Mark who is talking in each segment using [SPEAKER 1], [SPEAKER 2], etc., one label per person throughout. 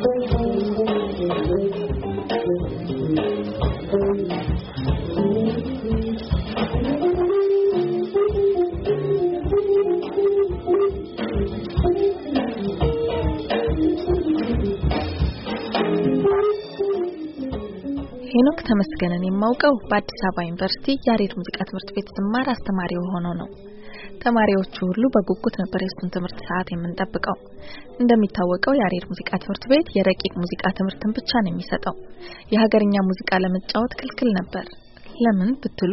[SPEAKER 1] ሄኖክ ተመስገንን የማውቀው በአዲስ አበባ ዩኒቨርሲቲ ያሬድ ሙዚቃ ትምህርት ቤት ስማር አስተማሪ ሆኖ ነው። ተማሪዎቹ ሁሉ በጉጉት ነበር የሱን ትምህርት ሰዓት የምንጠብቀው። እንደሚታወቀው የአሬድ ሙዚቃ ትምህርት ቤት የረቂቅ ሙዚቃ ትምህርትን ብቻ ነው የሚሰጠው። የሀገርኛ ሙዚቃ ለመጫወት ክልክል ነበር። ለምን ብትሉ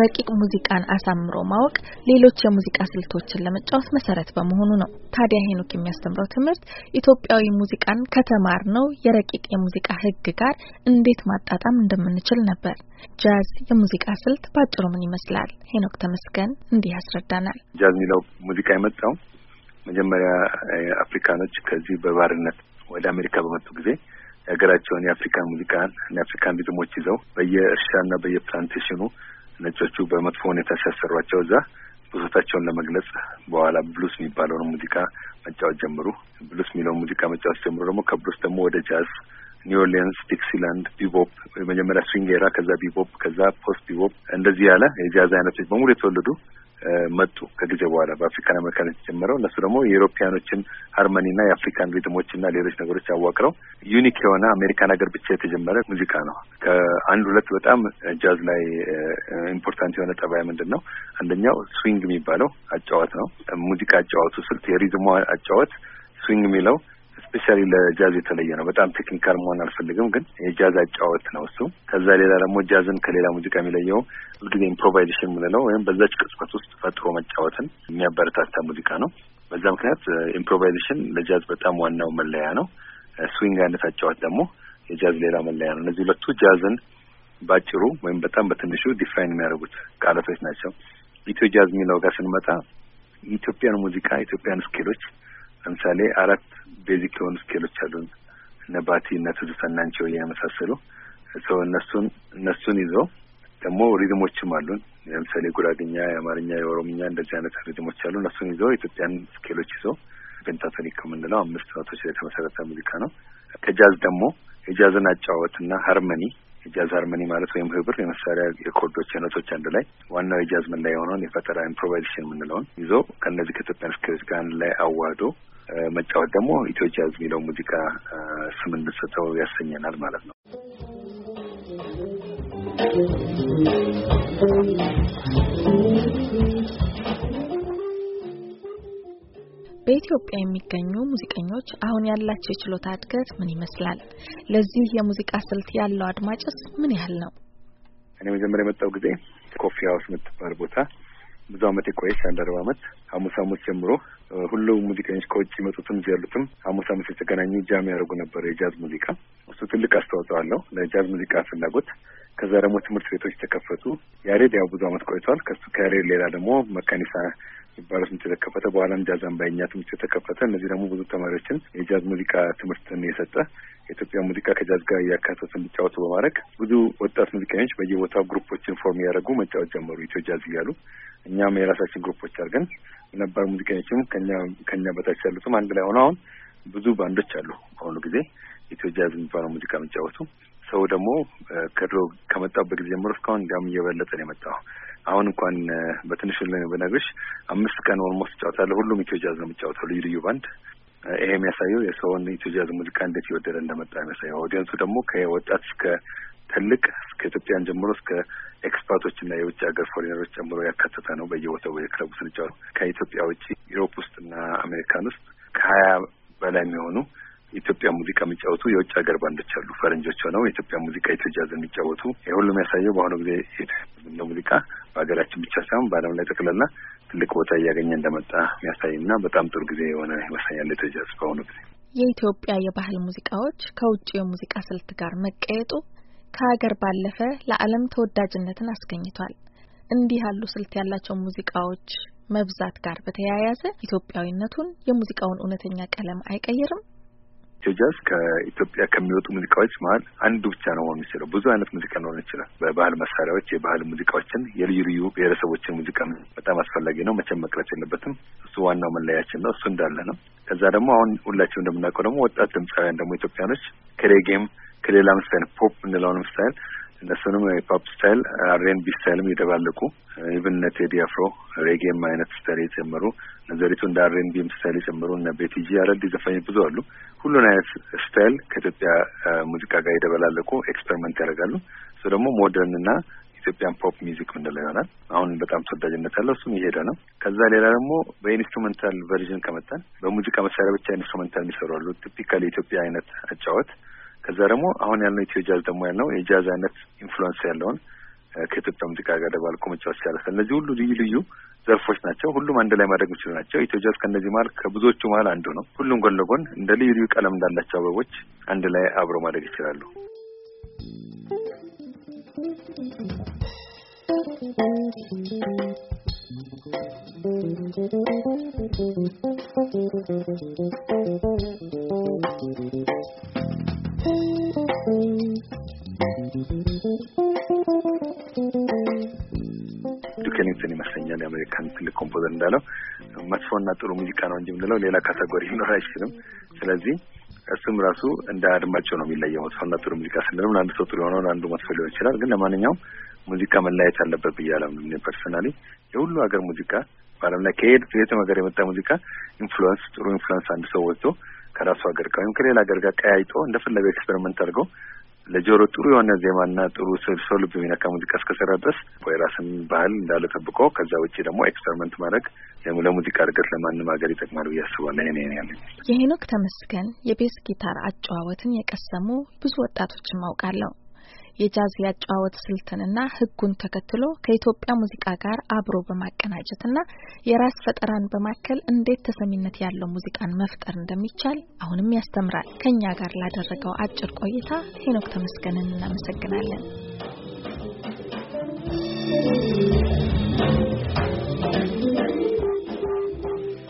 [SPEAKER 1] ረቂቅ ሙዚቃን አሳምሮ ማወቅ ሌሎች የሙዚቃ ስልቶችን ለመጫወት መሰረት በመሆኑ ነው። ታዲያ ሄኖክ የሚያስተምረው ትምህርት ኢትዮጵያዊ ሙዚቃን ከተማር ነው የረቂቅ የሙዚቃ ህግ ጋር እንዴት ማጣጣም እንደምንችል ነበር። ጃዝ የሙዚቃ ስልት ባጭሩ ምን ይመስላል? ሄኖክ ተመስገን እንዲህ ያስረዳናል።
[SPEAKER 2] ጃዝ የሚለው ሙዚቃ የመጣው መጀመሪያ አፍሪካኖች ከዚህ በባርነት ወደ አሜሪካ በመጡ ጊዜ የሀገራቸውን የአፍሪካን ሙዚቃን የአፍሪካን ሪትሞች ይዘው በየእርሻና በየፕላንቴሽኑ ነጮቹ በመጥፎ ሁኔታ ሲያሰሯቸው እዛ ብሶታቸውን ለመግለጽ በኋላ ብሉስ የሚባለውን ሙዚቃ መጫወት ጀምሩ። ብሉስ የሚለውን ሙዚቃ መጫወት ጀምሩ ደግሞ ከብሉስ ደግሞ ወደ ጃዝ ኒው ኦርሊንስ፣ ዲክሲላንድ፣ ቢቦፕ የመጀመሪያ ስዊንግ ኤራ፣ ከዛ ቢቦፕ፣ ከዛ ፖስት ቢቦፕ እንደዚህ ያለ የጃዝ አይነቶች በሙሉ የተወለዱ መጡ ከጊዜ በኋላ በአፍሪካን አሜሪካኖች የተጀመረው እነሱ ደግሞ ሀርመኒ ሀርመኒና የአፍሪካን ሪትሞችና ሌሎች ነገሮች አዋቅረው ዩኒክ የሆነ አሜሪካን ሀገር ብቻ የተጀመረ ሙዚቃ ነው። ከአንድ ሁለት በጣም ጃዝ ላይ ኢምፖርታንት የሆነ ጠባይ ምንድን ነው? አንደኛው ስዊንግ የሚባለው አጫዋት ነው። ሙዚቃ አጫዋቱ ስልት የሪዝሙ አጫዋት ስዊንግ የሚለው ስፔሻሊ ለጃዝ የተለየ ነው። በጣም ቴክኒካል መሆን አልፈልግም፣ ግን የጃዝ አጫወት ነው እሱ። ከዛ ሌላ ደግሞ ጃዝን ከሌላ ሙዚቃ የሚለየው ብዙ ኢምፕሮቫይዜሽን የምንለው ወይም በዛች ቅጽበት ውስጥ ፈጥሮ መጫወትን የሚያበረታታ ሙዚቃ ነው። በዛ ምክንያት ኢምፕሮቫይዜሽን uh, ለጃዝ በጣም ዋናው መለያ ነው። ስዊንግ uh, አይነት አጫወት ደግሞ የጃዝ ሌላ መለያ ነው። እነዚህ ሁለቱ ጃዝን ባጭሩ ወይም በጣም በትንሹ ዲፋይን የሚያደርጉት ቃላቶች ናቸው። ኢትዮ ጃዝ የሚለው ጋር ስንመጣ የኢትዮጵያን ሙዚቃ የኢትዮጵያን ስኬሎች ለምሳሌ አራት ቤዚክ የሆኑ ስኬሎች አሉ እነ ባቲ እነ ትዝታ እና አንቺ ሆዬ የመሳሰሉ ሰው እነሱን እነሱን ይዞ ደግሞ ሪድሞችም አሉን ለምሳሌ ጉራግኛ፣ የአማርኛ፣ የኦሮምኛ እንደዚህ አይነት ሪድሞች አሉ። እነሱን ይዞ ኢትዮጵያን ስኬሎች ይዞ ፔንታቶኒክ ከምንለው አምስት ኖቶች ላይ የተመሰረተ ሙዚቃ ነው። ከጃዝ ደግሞ የጃዝን አጨዋወትና ሀርመኒ የጃዝ ሀርመኒ ማለት ወይም ህብር የመሳሪያ የኮርዶች አይነቶች አንድ ላይ ዋናው የጃዝ ምን ላይ የሆነውን የፈጠራ ኢምፕሮቫይዜሽን የምንለውን ይዞ ከእነዚህ ከኢትዮጵያን ስኬሎች ጋር አንድ ላይ አዋህዶ መጫወት ደግሞ ኢትዮ ጃዝ የሚለው ሙዚቃ ስም እንድሰጠው ያሰኘናል ማለት ነው።
[SPEAKER 1] በኢትዮጵያ የሚገኙ ሙዚቀኞች አሁን ያላቸው የችሎታ እድገት ምን ይመስላል? ለዚህ የሙዚቃ ስልት ያለው አድማጭስ ምን ያህል ነው?
[SPEAKER 2] እኔ መጀመሪያ የመጣው ጊዜ ኮፊ ሀውስ የምትባል ቦታ ብዙ አመት የቆየች አንድ አርባ አመት ሐሙስ ሐሙስ ጀምሮ ሁሉም ሙዚቀኞች ከውጭ ይመጡትም እዚህ ያሉትም ሐሙስ ሐሙስ የተገናኙ ጃም ያደርጉ ነበር። የጃዝ ሙዚቃ እሱ ትልቅ አስተዋጽኦ አለው ለጃዝ ሙዚቃ ፍላጎት። ከዛ ደግሞ ትምህርት ቤቶች ተከፈቱ። ያሬድ ያው ብዙ አመት ቆይቷል። ከሱ ከያሬድ ሌላ ደግሞ መካኒሳ የሚባለ ትምህርት ቤት በኋላም ጃዝ አምባየኛ ትምህርት የተከፈተ እነዚህ ደግሞ ብዙ ተማሪዎችን የጃዝ ሙዚቃ ትምህርትን የሰጠ የኢትዮጵያ ሙዚቃ ከጃዝ ጋር እያካተቱ እንዲጫወቱ በማድረግ ብዙ ወጣት ሙዚቀኞች በየቦታው ግሩፖችን ፎርም እያደረጉ መጫወት ጀመሩ ኢትዮ ጃዝ እያሉ። እኛም የራሳችን ግሩፖች አድርገን ነባር ሙዚቀኞችም ከኛ በታች ያሉትም አንድ ላይ ሆነ። አሁን ብዙ ባንዶች አሉ በአሁኑ ጊዜ ኢትዮ ጃዝ የሚባለው ሙዚቃ የሚጫወቱ ሰው ደግሞ ከድሮ ከመጣበት ጊዜ ጀምሮ እስካሁን እንዲያውም እየበለጠ ነው የመጣው። አሁን እንኳን በትንሹ ብነግርሽ አምስት ቀን ኦልሞስት እጫወታለሁ። ሁሉም ኢትዮጃዝ ነው የሚጫወተው ልዩ ልዩ ባንድ። ይሄ የሚያሳየው የሰውን ኢትዮጃዝ ሙዚቃ እንዴት እየወደደ እንደመጣ የሚያሳየው። ኦዲየንሱ ደግሞ ከወጣት እስከ ትልቅ እስከ ኢትዮጵያን ጀምሮ እስከ ኤክስፐርቶች እና የውጭ ሀገር ፎሪነሮች ጨምሮ ያካተተ ነው። በየቦታው የክለቡ ስንጫወት ከኢትዮጵያ ውጭ ዩሮፕ ውስጥ እና አሜሪካን ውስጥ ከሀያ በላይ የሚሆኑ ኢትዮጵያ ሙዚቃ የሚጫወቱ የውጭ ሀገር ባንዶች አሉ። ፈረንጆች ሆነው የኢትዮጵያ ሙዚቃ ኢትዮጃዝ የሚጫወቱ። ይህ ሁሉ የሚያሳየው በአሁኑ ጊዜ ነው ሙዚቃ በሀገራችን ብቻ ሳይሆን በዓለም ላይ ጠቅላላ ትልቅ ቦታ እያገኘ እንደመጣ የሚያሳይና በጣም ጥሩ ጊዜ የሆነ ይመስለኛል። የተጃዝ በአሁኑ ጊዜ
[SPEAKER 1] የኢትዮጵያ የባህል ሙዚቃዎች ከውጭ የሙዚቃ ስልት ጋር መቀየጡ ከሀገር ባለፈ ለዓለም ተወዳጅነትን አስገኝቷል። እንዲህ ያሉ ስልት ያላቸው ሙዚቃዎች መብዛት ጋር በተያያዘ ኢትዮጵያዊነቱን የሙዚቃውን እውነተኛ ቀለም አይቀይርም?
[SPEAKER 2] ጃዝ ከኢትዮጵያ ከሚወጡ ሙዚቃዎች መሀል አንዱ ብቻ ነው መሆን የሚችለው። ብዙ አይነት ሙዚቃ ሊሆን ይችላል። በባህል መሳሪያዎች የባህል ሙዚቃዎችን፣ የልዩ ልዩ ብሔረሰቦችን ሙዚቃ በጣም አስፈላጊ ነው፣ መቼም መቅረት የለበትም። እሱ ዋናው መለያችን ነው። እሱ እንዳለ ነው። ከዛ ደግሞ አሁን ሁላችንም እንደምናውቀው ደግሞ ወጣት ድምፃውያን ደግሞ ኢትዮጵያኖች ከሬጌም ከሌላም ስታይል ፖፕ እንለውንም ስታይል እነሱንም የፖፕ ስታይል አሬን ስታይልም ኢቭን ነ ቴዲ አፍሮ ሬጌም አይነት ስታይል የጨመሩ ነዘሪቱ እንደ አሬን ቢም ስታይል የጨመሩ እነ ቤቲጂ አረድ ዘፋኞች ብዙ አሉ። ሁሉን አይነት ስታይል ከኢትዮጵያ ሙዚቃ ጋር የደበላለቁ ኤክስፐሪመንት ያደርጋሉ። እሱ ደግሞ ሞደርን ኢትዮጵያን ፖፕ ሚዚክ ምንለው ይሆናል። አሁን በጣም ተወዳጅነት አለው እሱም የሄደ ነው። ከዛ ሌላ ደግሞ በኢንስትሩመንታል ቨርዥን ከመጣን በሙዚቃ መሳሪያ ብቻ ኢንስትሩመንታል የሚሰሩ አሉ። ቲፒካል የኢትዮጵያ አይነት አጫወት ከዛ ደግሞ አሁን ያልነው ኢትዮ ጃዝ ደግሞ ያልነው የጃዝ አይነት ኢንፍሉዌንስ ያለውን ከኢትዮጵያ ሙዚቃ ጋር ደባልቆ መጫወት ሲያለፈ እነዚህ ሁሉ ልዩ ልዩ ዘርፎች ናቸው። ሁሉም አንድ ላይ ማድረግ የሚችሉ ናቸው። ኢትዮ ጃዝ ከእነዚህ መሀል ከብዙዎቹ መሀል አንዱ ነው። ሁሉም ጎን ለጎን እንደ ልዩ ልዩ ቀለም እንዳላቸው አበቦች አንድ ላይ አብረው ማድረግ ይችላሉ።
[SPEAKER 1] Thank you.
[SPEAKER 2] ዱኬኔትን ይመስለኛል የአሜሪካን ትልቅ ኮምፖዘር እንዳለው መጥፎና ጥሩ ሙዚቃ ነው እንጂ የምንለው ሌላ ካተጎሪ ሊኖር አይችልም። ስለዚህ እሱም ራሱ እንደ አድማጭ ነው የሚለየው። መጥፎና ጥሩ ሙዚቃ ስንለም አንድ ሰው ጥሩ የሆነውን አንዱ መጥፎ ሊሆን ይችላል። ግን ለማንኛውም ሙዚቃ መለያየት አለበት ብዬ ፐርሰናሊ የሁሉ ሀገር ሙዚቃ በዓለም ላይ ከሄድ ሀገር የመጣ ሙዚቃ ኢንፍሉዌንስ ጥሩ ኢንፍሉዌንስ አንድ ሰው ወጥቶ ከራሱ ሀገር ወይም ከሌላ ሀገር ጋር ቀያይጦ እንደፈለገ ኤክስፐሪመንት አድርገው ለጆሮ ጥሩ የሆነ ዜማና ጥሩ ሰው ልብ የሚነካ ሙዚቃ እስከሰራ ድረስ የራስን ባህል እንዳለ ጠብቆ ከዛ ውጭ ደግሞ ኤክስፐሪመንት ማድረግ ለሙዚቃ እድገት ለማንም ሀገር ይጠቅማል ብዬ አስባለሁ። ይሄ ያለ
[SPEAKER 1] የሄኖክ ተመስገን የቤስ ጊታር አጨዋወትን የቀሰሙ ብዙ ወጣቶችን ማውቃለሁ። የጃዝ ያጨዋወት ስልትንና ህጉን ተከትሎ ከኢትዮጵያ ሙዚቃ ጋር አብሮ በማቀናጀትና የራስ ፈጠራን በማከል እንዴት ተሰሚነት ያለው ሙዚቃን መፍጠር እንደሚቻል አሁንም ያስተምራል። ከእኛ ጋር ላደረገው አጭር ቆይታ ሄኖክ ተመስገንን እናመሰግናለን።